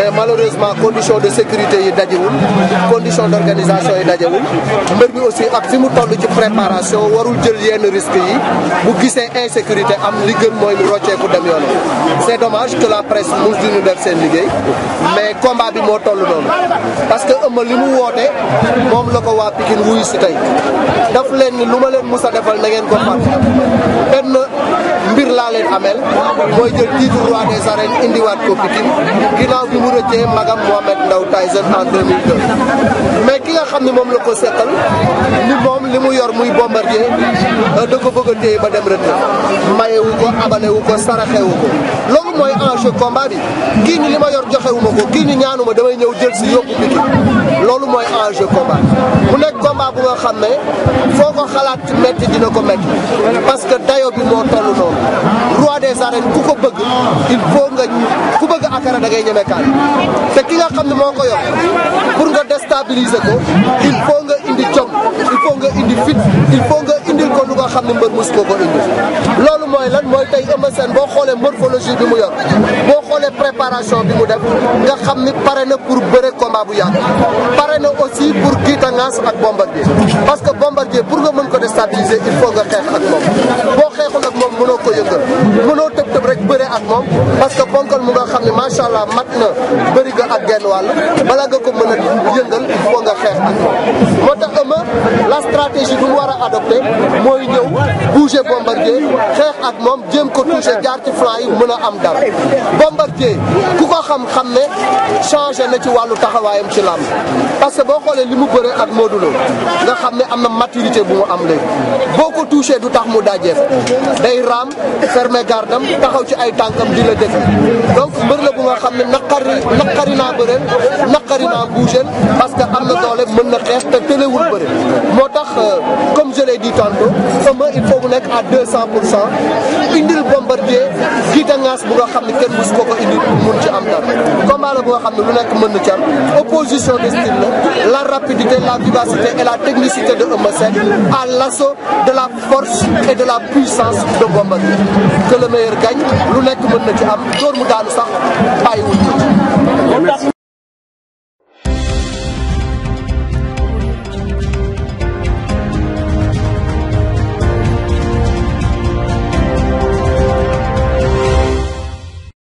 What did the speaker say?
mais malheureusement condition de sécurité yi dajewul condition d' organisation yi dajewul mbër bi aussi ak si mu toll ci préparation warul jël yenn risques yi bu gisee insécurité am li gën mooy mu rocceeku dem yoonam c' est dommage que la presse mus di ñu def seen liggéey mais combat bi moo toll noonu parce que ëmma li mu woote moom la ko waa Pikine wuyu si tey daf leen lu ma leen mus a defal na ngeen ko fàtte benn titre laa leen amel mooy jël titre roi des arènes indiwaat ko Pikine ginnaaw bi mu rëccee magam Mohamed Ndao Tyson en 2002 mais ki nga xam ne moom la ko seqal ni moom li mu yor muy bombardier euh, da ko bëgg a téye ba dem rëdd mayewu ko abanewu ko saraxewu ko loolu mooy enjeu combat bi kii ni li ma yor joxewu ma ko kii ni ñaanuma damay ñëw jël si yóbbu Pikine loolu mooy enjeu combat mu nekk combat bu nga xam ne foo ko xalaat metti dina ko metti parce dayo bi moo il faut nga ku bëgg akara da ngay ñeme kaan te ki nga xam ne moo ko yor pour nga déstabiliser ko il faut nga indi com il faut nga indi fit il faut nga indi ko lu nga xam ne mbër mus ko ko indi loolu mooy lan mooy tey Eumeu boo xoolee morphologie bi mu yor boo xoolee préparation bi mu dem nga xam ni pare na pour bëre combat bu yàgg pare na aussi pour giita Ngaas ak Bombardier parce que Bombardier pour nga mën ko déstabiliser il faut nga xeex ak moom boo rek bëre ak moom parce que ponkal mu nga xam ne macha allah mat na bëri nga ak genn wàll balaa nga ko mën a yëngal il faut nga xeex ak moom moo tax ëma la stratégie bu mu war a adopté mooy ñëw toucher Bombardier xeex moom jéem ko toucher jaar ci flanc yi mën a am dara Bombardier ku ko xam-xam ne changé na ci wàllu taxawaayam ci làmb parce que boo xoolee li mu bëree ak Modou Lo nga xam ne am na maturité bu mu am léegi boo ko touché du tax mu dajee day raam fermer gardam taxaw ci ay tànkam di la def donc mbër la bu nga xam ne naqari naqari naa bëreel naqari naa bougeel parce que am na doole mën na xeex te téléwul bëre moo tax euh, comme je di dit tantôt il faut nek à 200 indil bombardier ki ta ngas bu nga xamni kenn mus ko ko indi mun ci am dara combat la bo xamni lu nek mën ci am opposition de style la rapidité la vivacité et la technicité de Omar à l'assaut de la force et de la puissance de bombardier que le meilleur gagne lu nek mën ci am dormu daanu sax bayiwul ci